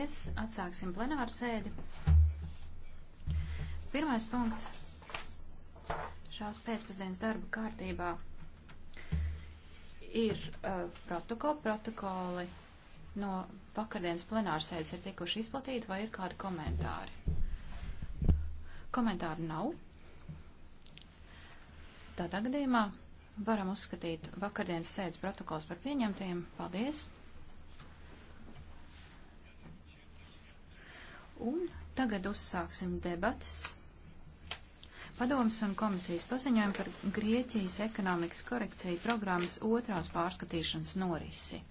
Paldies. Atsāksim plenāru sēdi. Pirmais punkts šās pēcpusdienas darba kārtībā ir uh, protokoli. Protokoli no vakardienas plenārsēdes ir tikuši izplatīti, vai ir kādi komentāri? Komentāru nav. Tādā gadījumā varam uzskatīt vakardienas sēdes protokols par pieņemtiem. Paldies! Un tagad uzsāksim debatas. Padomas un komisijas paziņojumi par Grieķijas ekonomikas korekciju programmas otrās pārskatīšanas norisi.